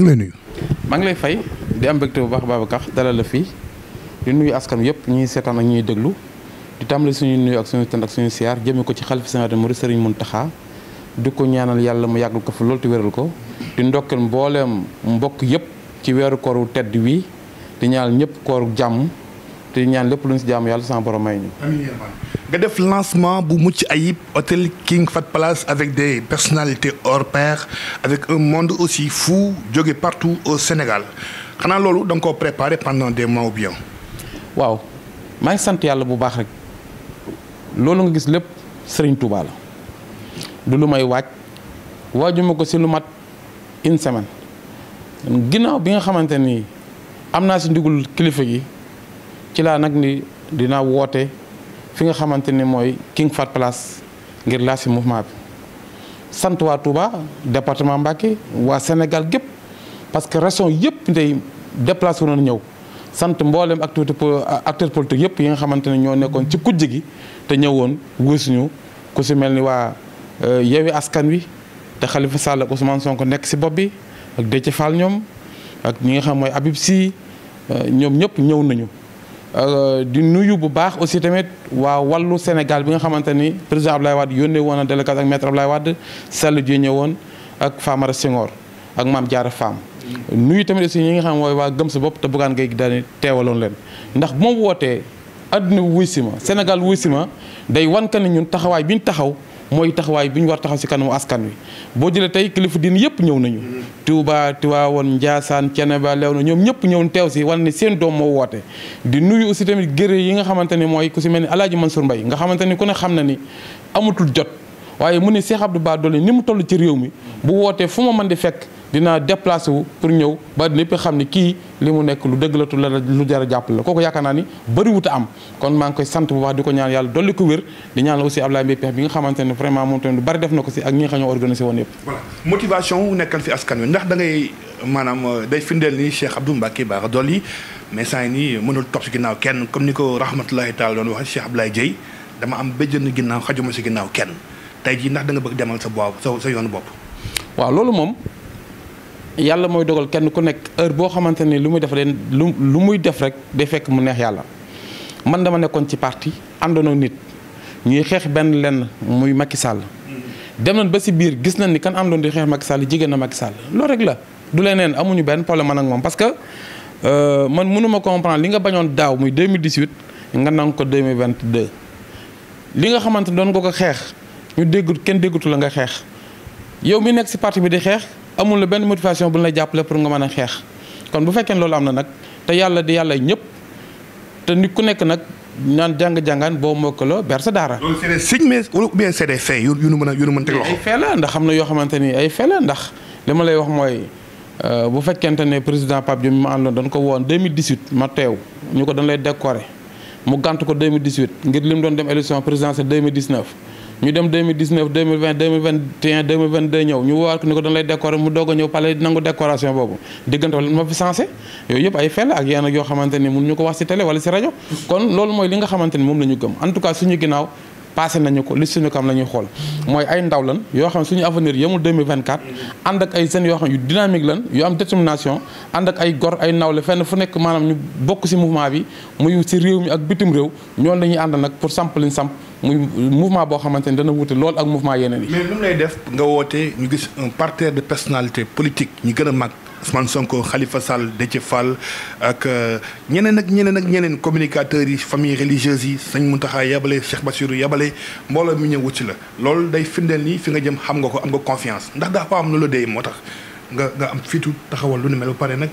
ñu ngi lay nuyu. maa ngi lay fay di am mbégte bu baax Babacar dalal la fii di nuyu askan yëpp ñuy seetaan ak ñuy déglu di tàmbali suñu nuyu ak suñu tënd ak suñu siyaar jëmee ko ci xalifa général mu Serigne Mountakha di ko ñaanal yàlla mu yàggal ko fi loolu te wéral ko di ndokkal mbooleem mbokk yëpp ci weeru kooru tedd wi di ñaanal ñëpp kooru jàmm te ñaan lépp lu ñu si jaamu yàlla sama borom may nga def lancement bu mucc ayib hôtel King Fat Palace avec de personnalités hors pair avec un monde aussi fu jóge partout au Sénégal xanaa loolu da nga koo préparé pendant des mois ou bien. waaw maa ngi sant yàlla bu baax rek loolu nga gis lépp Serigne Touba la du lu may waaj waajuma ko si lu mat une semaine ginnaaw bi nga xamante ni am naa si ndigul kilifa gi. ci laa nag ni dina woote fi nga xamante ni mooy King Fahd Palace ngir laa si mouvement bi sant waa Touba département Mbacké waa Sénégal gépp parce que région yëpp ndey déplacé wu na ñëw sant mboolem activité acteur politique yëpp yi nga xamante ne ñoo nekkoon ci kujj gi te ñëwoon wusuñu ku si mel ni waa euh, Yewwi Askan Wi te Khalifa Sall ak Ousmane nekk si bopp bi ak Déthié Fall ñoom ak ñi nga xam mooy Habib Sy euh, ñoom ñëpp ñëw nañu Euh, di nuyu bu baax aussi tamit waa wàllu Sénégal bi nga xamante ni président Abdoulaye Wade yónnee woon a délégation ak maître Abdoulaye Wade Sall ji ñëwoon ak Famara Senghor ak Mame Diarra Fam nuyu tamit aussi yi nga xam mooy waa gëm sa bopp te buggaan ngay daal teewaloon leen ndax bu ma wootee àdduna wuy si ma Sénégal wuy si ma day wan ka ñun taxawaay bi ñu taxaw mooy taxawaay bi ñu war taxaw si kanamu askan wi boo jëlee tey kilifa diin yëpp ñëw nañu Touba Tiwaawoon Njaasaan Ceneba leew na ñoom ñëpp ñëw teew si wane ne seen doom moo woote di nuyu aussi tamit gére yi nga xamante ni mooy ku si mel ni Alaaji Mansour Mbaye nga xamante ni ku ne xam na ni amatul jot waaye mu ne Cheikh Abdou Bara Dolly ni mu toll ci réew mi bu wootee fu ma man di fekk dinaa déplacé wu pour ñëw ba ñëpp xam ni kii li mu nekk lu dëgg la tu la lu jar a jàppale la kooku yaakaar naa ni bëriwut a am kon maa ngi koy sant bu baax di ko ñaan yàlla dolli ko wér di ñaan la aussi Ablaye Mbaye Pekh bi nga xamante ne vraiment moom tamit si ak ñi nga xam ñoo organisé woon yëpp. voilà motivation wu nekkal fi askan wi ndax da ngay maanaam euh, ni Cheikh Abdou Mbacké Bara Dolly mais saa nii mënul topp si ginnaaw kenn comme ni ko rahmatulahi taala doon waxee Cheikh Ablaye Dieye dama am bëjjën ginnaaw xajuma si ginnaaw kenn tey jii ndax da nga bëgg demal sa bopp sa sa yoonu bopp waaw yàlla mooy dogal kenn ku nekk heure boo xamante ni lu muy def leen lu lu muy rek day fekk mu neex yàlla man dama nekkoon ci parti àndoonoo nit ñuy xeex benn lenn muy Macky Sall dem nañ ba si biir gis nañ ni kan àndoon di xeex Macky Sall jigéen na Macky Sall loolu rek la du leneen amuñu benn problème man ak moom parce que euh, man mënuma comprendre li nga bañoon daaw muy 2018 nga nangu ko 2022 li nga xamante doon nga ko xeex ñu déggut kenn déggatu la nga xeex yow mi nekk si parti bi di xeex amul la benn motivation bu ñu jàppale pour nga mën a xeex kon bu fekkee loolu am na nag te yàlla di yàlla ñëpp te nit ku nekk nag ñaan jàng jàngan boo mokkaloo ber sa daara. loolu c'est yu nu mën a yu nu mën teg loxo. ay faits ndax xam na yoo xamante ni ay faits ndax li ma lay wax mooy euh, bu fekkente ne président Pape Diop mi ma àndoon dañ ko woon 2018 ma teew ñu ko dañ lay décorer mu gànt ko 2018 ngir lim doon dem élection présidentielle 2019. ñu dem 2019 2020 2021 2022 ñëw ñu woowaat ko ni ko dañ lay décorer mu doog a ñëw pale nangu ak ni ko wax si télé wala si rajo kon loolu moom la ñu gëm en tout cas suñu ginnaaw passé yoo xam suñu avenir yemul 2024 ànd ak gor ay nawle fenn fu nekk maanaam ñu bokk ci mouvement bi muy ci ak bitim réew la ñuy ànd nag pour samp liñ samp mu mouvement boo xamante ni dana wute lool ak mouvement yeneen yi. mais lu lay def nga woote ñu gis un parterre de personnalité politique ñi gën a mag man Sonko xalifa Sall Déthié Fall ak euh, ñeneen ak ñeneen ak ñeneen communicateurs yi famille religieuse yi sañ sëñ Mountakha yabale Cheikh Bassirou yabale mbooloo mi ñëw wut si la. loolu day firndeel nii fi nga jëm xam nga ko am nga confiance ndax daa fa am lu la dee moo tax nga nga am fitu taxawal lu ni mel ba pare nag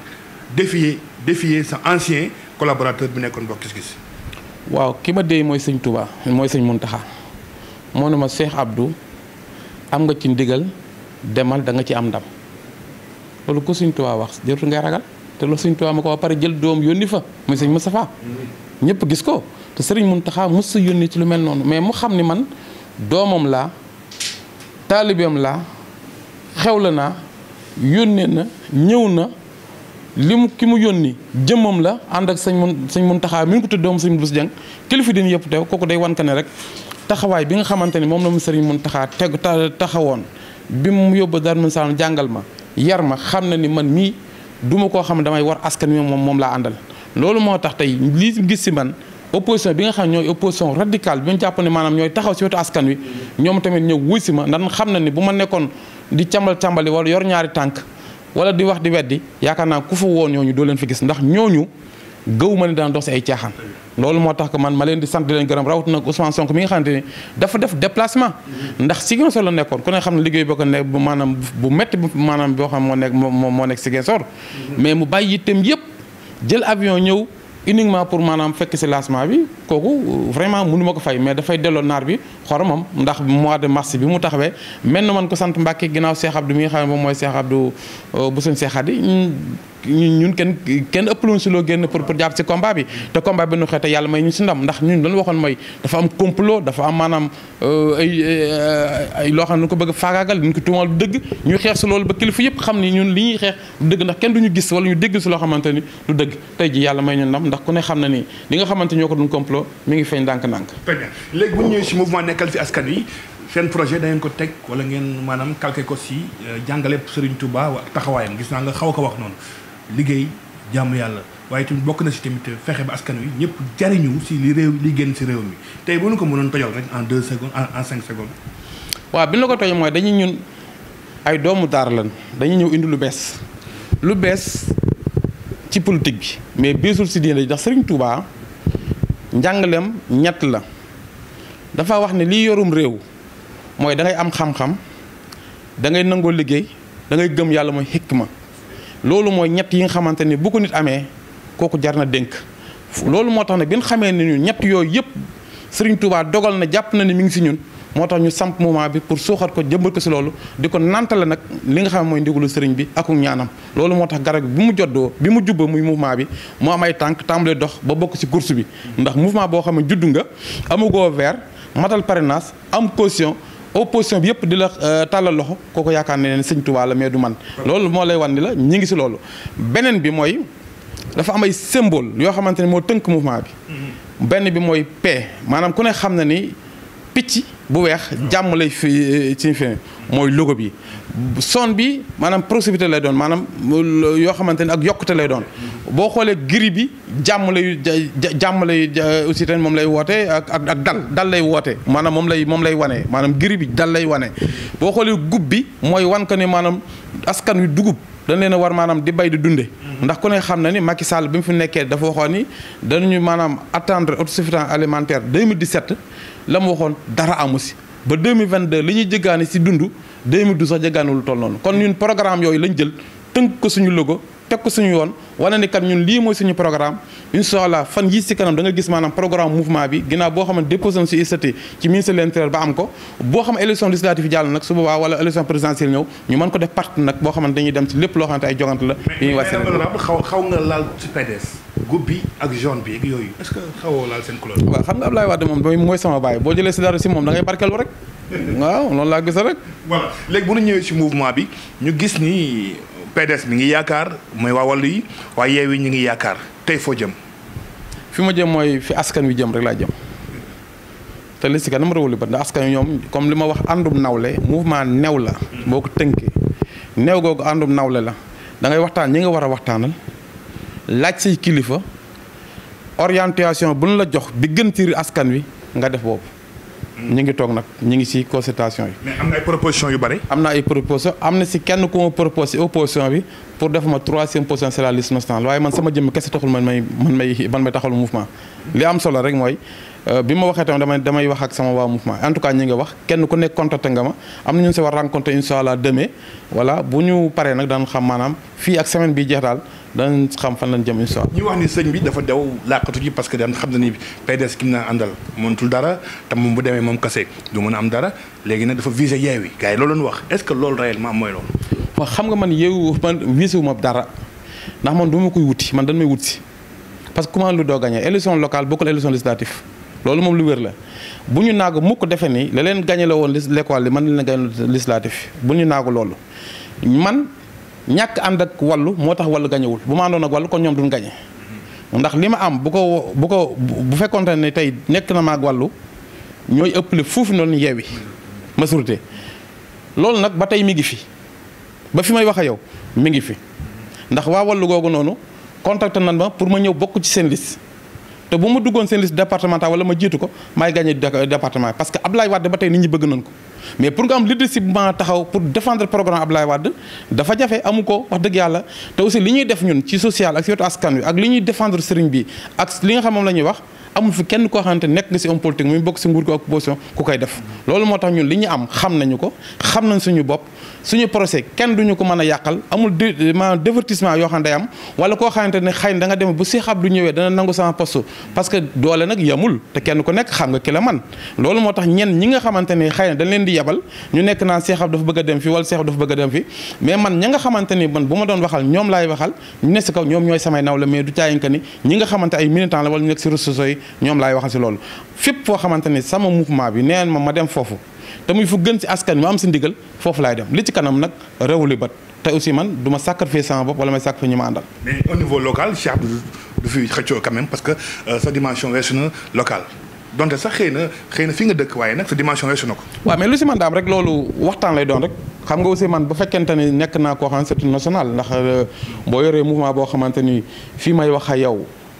défier défier sa ancien collaborateur bi nekkoon bokk waaw ki ma déy mooy sëñ Touba mooy sëñ Muntaxa moo ne ma Cheikh Abdou am nga ci ndigal demal da nga ci am ndam loolu ko suñ Touba wax jërëtu ngay ragal te loolu sëñ Touba ma ko ba pare jël doom yónni fa muy sëñ Moustapha ñëpp gis ko te sëriñ mun mos sa yónni ci lu mel noonu mais mu xam ni man doomam laa taalibeem laa xew la naa yónnee na ñëw na li mu ki mu yónni jëmmam la ànd ak sañ mun sañ mun taxaa mi ngi ko tuddee moom sëñ Bés Dieng kilifa din yëpp teew kooku day wan ne rek taxawaay bi nga xamante ni moom la mu sëriñ mun taxaa teg taxawoon bi mu yóbbu Darou Mouhty Salam jàngal ma yar ma xam na ni man mii du ma koo xam ne damay war askan wi moom moom laa àndal loolu moo tax tey li gis si man opposition bi nga xam ñooy opposition radicale bi ñu jàpp maanaam ñooy taxaw si wetu askan wi ñoom tamit ñëw wuy si ma ndax xam na ni bu ma nekkoon di càmbal càmbali wala yor ñaari tànk wala di wax di weddi yaakaar naa ku fa woo ñooñu doo leen fi gis ndax ñooñu gëw ma ne daan dox si ay caaxaan loolu moo tax que man ma leen di sant di leen gërëm rawat nag Ousmane Sonko mi nga xamante ni dafa def déplacement ndax Ziguinchor la nekkoon ku ne xam ne liggéey boo ko ne bu maanaam bu métti bu maanaam boo xam moo nekk moo moo nekk mais mu bàyyi yitteem yëpp jël avion ñëw uniquement pour maanaam fekk si lancement bi kooku vraiment mënu ma ko fay mais dafay delloo naar bi xoromam ndax mois de mars bi mu tax taxawee mel na man ko sant Mbàkke ginnaaw Cheikh Abdou mi nga xam moom mooy Cheikh Abdou euh, bu suñ Cheikh Hadi ñun kenn kenn ëppaloon si loo génn pour pour jàpp si combat bi te combat bi nu xeete yàlla may ñu si ndam ndax ñun lañu waxoon mooy dafa am complot dafa am maanaam euh, ay euh, ay loo xam ne ko bëgg faagaagal duñ ko tuumal du dëgg ñuy xeex si loolu ba kilifa yëpp xam ni ñun li ñuy xeex dëgg ndax kenn duñu gis wala ñu dégg si loo xamante ni du dëgg tey ji yàlla may ñu ndam ndax ku ne xam na ni li nga xamante ñoo ko doon komplo mi ngi feeñ ndànk-ndànk léegi bu ñu ñëwee si mouvement nekkal fi askan wi seen projet da ngeen ko teg wala ngeen maanaam calqué ko si euh, jàngale tuba Touba taxawaayam gis naa nga xaw ko wax noonu liggéey jàmm yàlla waaye tamit bokk na si tamit fexe ba askan wi ñëpp jariñu si li réew li génn si réew mi tey bu ñu ko mënoon tojal rek en deux secondes en cinq secondes. waaw bi na ko toj mooy dañuy ñun ay doomu daara lan dañuy ñëw indi lu bees lu bees ci politique bi mais beesul si diine ndax Serigne Touba njàngaleem ñett la dafa wax ne liy yorum réew mooy dangay am xam-xam da ngay nangoo liggéey dangay ngay gëm yàlla mooy xikma. loolu mooy ñett yi nga xamante ni bu ko nit amee kooku jar na dénk loolu moo tax nag bi nu xamee ne ñun ñett yooyu yëpp Serigne Touba dogal na jàpp na ne mu ngi si ñun moo tax ñu samp moment bi pour suuxat ko jëmbat ko si loolu di ko nantale nag li nga xam mooy ndigalu sëriñ bi ak ñaanam loolu moo tax garab bi mu joddoo bi mu jubba muy mouvement bi mu am ay tànk tàmbalee dox ba bokk si course bi ndax mouvement boo xam ne juddu nga amugoo vert matal parrainage am caution opposition bi yëpp di la euh, tàllal loxo kooku yaakaar ne leen sëñ Tuubaa mais du man loolu moo lay wan ni la ñi ngi si loolu beneen bi mooy dafa am ay symbole yoo xamante ne moo tënk mouvement bi mm-hmm. benn bi mooy paix maanaam ku ne xam na ni picc bu weex jàmm lay fi ci fi mooy logo bi son bi maanaam proximité lay doon maanaam yoo xamante ni ak yokkute lay doon boo xoolee giri bi jàmm lay jàmm lay aussi tamit moom lay woote ak ak dal dal lay woote maanaam moom lay moom lay wane maanaam giri bi dal lay wane boo xoolee gub bi mooy wan ko ni maanaam askan wi dugub dañ leen a war maanaam di bay di dunde ndax ko ne xam na ni Macky Sall bi mu fi nekkee dafa waxoon ni dañu maanaam attendre autosuffisance alimentaire 2017 la mu waxoon dara amu si ba 2022 li ñuy jëggaani si dund 2012 sax jëggaani lu toll noonu kon ñun programme yooyu lañ jël tënk ko suñu logo teg ko suñu yoon wane ni kat ñun lii mooy suñu programme incha allah fan yii si kanam da gis maanaam programme mouvement bi ginnaaw boo xam ne déposé si ICT ci ministère de l'intérieur ba am ko boo xam élection législative jàll nag su boobaa wala élection présidentielle ñëw ñu mën ko def parti nag boo xamante dañuy dem lépp loo xamante ay jogante la. yu ñuy wax xaw nga ci PDS. gubbi ak jaune bi ak yooyu est que xawoo laal seen couleur. waaw xam nga Ablaye Wade moom mooy sama baay boo jëlee si dara si moom da ngay barkeelu rek waaw loolu laa gis rek. voilà léegi bu ñu ñëwee si mouvement bi ñu gis ni PDS mi ngi yaakaar mooy waa wàllu yi waaye yeewi ñu ngi yaakaar tey foo jëm. fi ma jëm mooy fi askan wi jëm rek laa jëm te li si kanam réew li ba ndax askan wi ñoom comme li ma wax àndum nawle mouvement new la. boo ko tënkee new googu àndum nawle la da waxtaan ñi nga war a waxtaanal. laaj si kilifa orientation bu ñu la jox bi gën ci askan wi nga def boobu. ñu ngi toog nag ñu ngi si consultation yi. mais am na ay proposition yu bëri. am na ay proposition am na si kenn ku ma proposé bi pour def ma troisième position c'est la waaye man sama jëmm kese taxul man may man may li am solo rek mooy euh, bi ma waxee tamit damay damay wax ak sama waa mouvement en tout cas ñi nga wax kenn ku nekk contacté nga ma am na ñu si war rencontré incha allah demee voilà bu ñu paree nag daan xam maanaam fii ak semaine bi jeex daa dana xam fan na jëm incha allah. wax ni sëñ bi dafa dew làqatu ji parce que daan xam na ni PDS kim na àndal mënatul dara te moom bu demee moom kase du mën a am dara léegi nag dafa visé yeewi gars yi loolu lañ wax est ce que loolu réellement mooy loolu. waaw xam nga man yeewu man visé wu ma dara ndax man du ma koy wuti man dañ may wut si parce que comment lu doo gagné élection locale bokkul élection législative loolu moom lu wér la bu ñu naagu mukk defe ni la leen gagné la woon l'école li man la leen gagné législatif bu ñu naagu loolu ñàkk ànd ak wallu moo tax wallu gañewul bu ma àndoon ak wallu kon ñoom duñ gañe ndax li ma am bu ko bu ko bu fekkonte ne tey nekk na ma ak wallu ñooy ëppale foofu noonu yeewi majorité loolu nag ba tey mi ngi fi ba fi may wax a yow mi ngi fi ndax waa wallu googu noonu contacté nan ma pour ma ñëw bokk ci seen liste te bu ma duggoon seen liste départemental wala ma jiitu ko maay gagné département parce que Abdoulaye Wade ba tey nit ñi bëgg nañ ko mais pour nga am leadership ma taxaw pour defendre programme Abdoulaye Wade dafa jafe amu ko wax dëgg yàlla te aussi li ñuy def ñun ci social ak ci wetu askan wi ak li ñuy defendre sëriñ bi ak li nga xam moom la ñuy wax amul fi kenn koo xamante nekk nga si homme politique muy bokk si ko def loolu moo tax ñun li ñu am xam nañu ko xam nañ suñu bopp suñu procès kenn duñu ko mën a yàqal amul maanaam divertissement yoo xam ne wala koo xamante ne xëy na da nga dem bu Cheikh Abdou ñëwee dana nangu sama poste parce que doole nag kenn ku nekk xam nga ki la man loolu moo tax ñenn ñi nga xamante ne xëy na dañ leen di yebal ñu nekk naan Cheikh dafa bëgg a dem fi wala Cheikh dafa bëgg a dem fi mais man ña nga xamante ni man bu ma doon waxal ñoom laay waxal ñu ne si kaw ñoom ñooy samay naw la mais du caayin ni ñi nga xamante ay militant la wala ñu nekk si ressources bëri ñoom laay waxal si loolu fépp foo xamante ni sama mouvement bi neen ma ma dem foofu te muy fu gën si askan ma am si ndigal foofu laay dem li ci kanam nag réewu li bat te aussi man du ma sacrifier sama bopp wala may sacrifier ñu ma àndal. mais euh, sax xëy na xëy na fi nga dëkk waaye nag sa dimension weesu na ko. waaw mais lu si man daam rek loolu waxtaan lay doon rek. xam nga aussi man bu fekkente nekk naa koo xam ne c'est national ndax euh, boo yoree mouvement boo xamante ni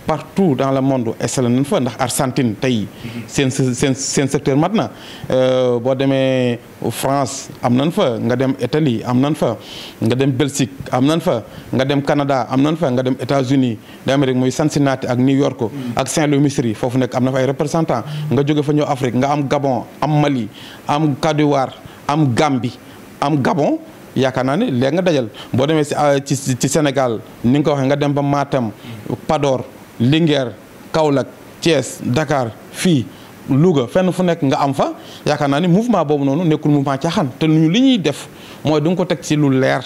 partout dans le monde installé nañ fa ndax Argentine tey seen seen seen secteur mat na euh, boo demee France am nañ fa nga dem Italie am nan fa nga dem Belgique am nañ fa nga dem Canada am nañ fa nga dem États-Unis d'Amérique muy Cincinnati ak New York ak Saint-Louis Missouri foofu nekk am na fa représentant nga jóge fa ñëw Afrique nga am Gabon am Mali am Côte d'Ivoire am Gambie am Gabon yaakaar naa ne léegi nga dajal boo demee ci euh, ci Sénégal ni nga ko waxee nga dem ba Matam padoor Linguère Kaolack Thiès dakaar fii Louga fenn fu nekk nga am fa yaakaar naa ni mouvement boobu noonu nekkul mouvement xan te ñu li ñuy def mooy du ko teg ci lu leer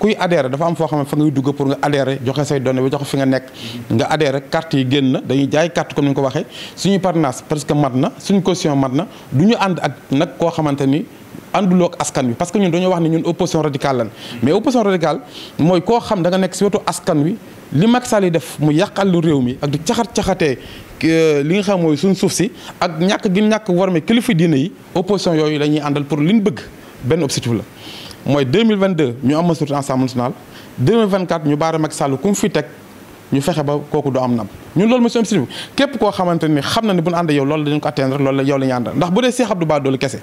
kuy adhéré dafa am foo xam ne fa ngay dugg pour nga adhéré joxe say données ba jox fi nga nekk nga adhéré carte yi génn na dañuy jaay carte comme ni ñu ko waxee suñu parrainage parce que mat na suñu caution mat na du ñu ànd ak nag koo xamante ni ànduloo ak askan wi parce que ñun dañoo wax ne ñun opposition radicale lan mais opposition radicale mooy koo xam da nga nekk si wetu askan wi li Macky Sall yi def mu yàqal lu réew mi ak di caxat caxatee euh, li nga xam mooy suñ suuf si ak ñàkk gi ñàkk war me kilifa diine yi opposition yooyu la ñuy àndal pour liñ bëgg benn objectif la. mooy 2022 ñu am majorité Assemblée nationale 2024 ñu baara Macky Sall ku mu fi teg ñu fexe ba kooku du am nam ñun loolu monsieur Moussa képp koo xamante ni xam na ne bu ñu ànd yow loolu dañu ko atteindre loolu la la ñu àndal ndax bu dee Cheikh Abdou Bara Dolly kese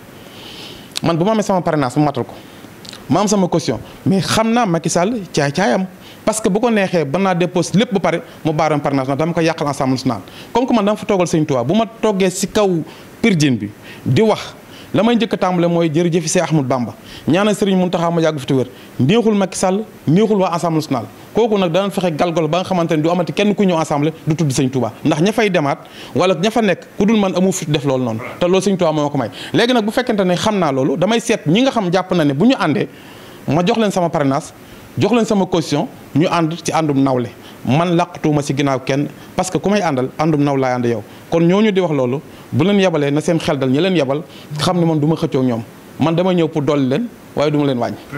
man bu ma amee sama parrainage ma matal ko ma am sama caution mais xam naa Macky Sall caay caayam. parce que bu ko neexee ban naa dépose lépp ba pare mu baaroon par national dama ko yàqal ensemble national comme que man dama fa toogal sëñ Tuubaa si kaw pirjin bi di wax la njëkk tàmbale mooy jërëjëf Seex Ahmadu Bamba ñaanal Sëriñ Muntaxa ma yàgg fi te wér neexul Macky Sall neexul waa ensemble national kooku nag danañ fexe galgal ba nga xamante ne du amati kenn ku ñëw ensemble du tudd sëñ Touba ndax ña fay demaat wala ña fa nekk ku dul man amu fit def loolu noonu te loolu sëñ Touba moo ko may léegi nag bu fekkente ne xam naa loolu damay seet ñi nga xam jàpp na ne bu ñu àndee ma jox leen sama parrainage jox leen sama caution ñu ànd ci àndum le man làqatuuma si ginnaaw kenn parce que ku may àndal àndum naw laay ànd yow kon ñooñu di wax loolu bu leen yebalee na seen xel dal ñi leen yebal xam ne man du ma xëccoo ñoom man dama ñëw pour dolli leen waaye duma leen wàññ